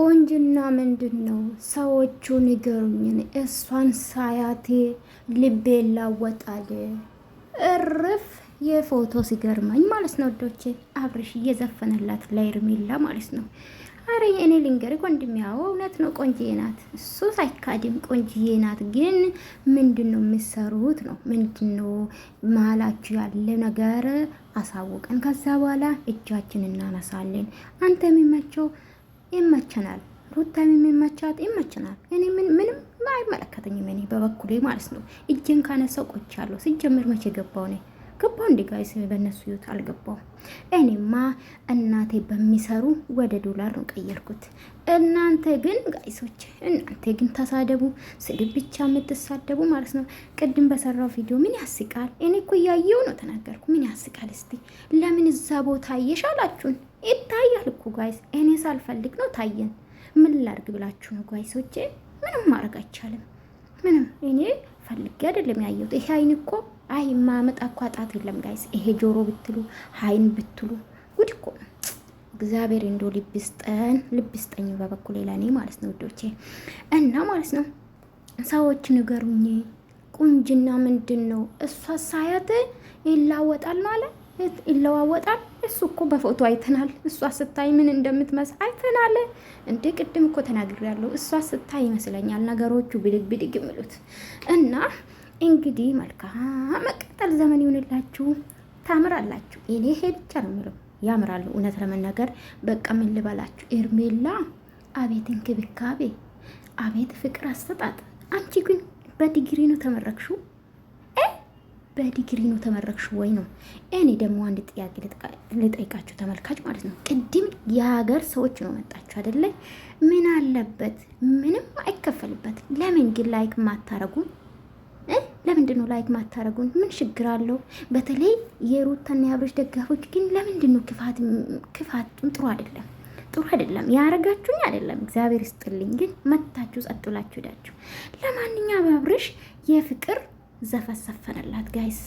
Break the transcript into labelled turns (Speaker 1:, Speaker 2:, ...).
Speaker 1: ቆንጅና ምንድን ነው? ሰዎቹ ንገሩኝን። እሷን ሳያቴ ልቤ ላወጣል እርፍ የፎቶ ሲገርመኝ ማለት ነው። ወዶቼ አብርሽ እየዘፈነላት ለሄርሜላ ማለት ነው። አረ እኔ ልንገሪ ወንድሜ፣ እውነት ነው፣ ቆንጅዬ ናት። እሱ ሳይካድም ቆንጅዬ ናት። ግን ምንድን ነው የምትሰሩት ነው? ምንድን ነው መሀላችሁ ያለ ነገር አሳውቀን፣ ከዛ በኋላ እጃችን እናነሳለን። አንተ የሚመቸው ይመቸናል። ሩታም የሚመቻት ይመቸናል። እኔ ምን ምንም አይመለከተኝም። እኔ በበኩሌ ማለት ነው እጄን ካነሳው ቆይቻለሁ። ሲጀምር መቼ ገባው እኔ ገባው እንዲ ጋይስ በእነሱ ይወት አልገባው። እኔማ እናቴ በሚሰሩ ወደ ዶላር ነው ቀየርኩት። እናንተ ግን ጋይሶች፣ እናንተ ግን ተሳደቡ፣ ስድብ ብቻ የምትሳደቡ ማለት ነው። ቅድም በሰራው ቪዲዮ ምን ያስቃል? እኔ እኮ እያየው ነው ተናገርኩ። ምን ያስቃል? እስቲ ለምን እዛ ቦታ እየሻላችሁን ይታያል ጓይስ። እኔ ሳልፈልግ ነው ታየን። ምን ላርግ ብላችሁ ነው ጓይሶቼ? ምንም ማድረግ አይቻልም። ምንም እኔ ፈልጌ አይደለም ያየሁት። ይሄ አይን እኮ አይ ማመጣ እኮ አጣት የለም ጋይስ። ይሄ ጆሮ ብትሉ አይን ብትሉ ጉድ እኮ እግዚአብሔር እንዶ ልብስጠን ልብስጠኝ በበኩል ሌላ እኔ ማለት ነው ውዶቼ እና ማለት ነው ሰዎች ንገሩኝ፣ ቁንጅና ምንድን ነው? እሷ ሳያት ይላወጣል ማለት ይለዋወጣል እሱ እኮ በፎቶ አይተናል። እሷ ስታይ ምን እንደምትመስል አይተናል። እንደ ቅድም እኮ ተናግሬያለሁ። እሷ ስታይ ይመስለኛል ነገሮቹ ብድግ ብድግ የሚሉት እና እንግዲህ መልካም መቀጠል ዘመን ይሁንላችሁ። ታምራላችሁ። እኔ ሄድቻ ነው የሚለው ያምራሉ። እውነት ለመናገር በቃ ምን ልበላችሁ፣ ኤርሜላ አቤት እንክብካቤ፣ አቤት ፍቅር አሰጣጥ። አንቺ ግን በዲግሪ ነው ተመረቅሽው። በዲግሪ ነው ተመረቅሽ ወይ ነው። እኔ ደግሞ አንድ ጥያቄ ልጠይቃችሁ ተመልካች ማለት ነው። ቅድም የሀገር ሰዎች ነው መጣችሁ አይደለ? ምን አለበት ምንም አይከፈልበት። ለምን ግን ላይክ ማታረጉም? ለምንድን ነው ላይክ ማታረጉን? ምን ችግር አለው? በተለይ የሩታና የአብሮች ደጋፎች ግን ለምንድን ነው ክፋት? ክፋቱም ጥሩ አይደለም ጥሩ አይደለም። ያረጋችሁኝ አይደለም እግዚአብሔር ይስጥልኝ። ግን መታችሁ ጸጥላችሁ ሄዳችሁ። ለማንኛውም አብርሽ የፍቅር ዘፈሰፈነላት ጋይስ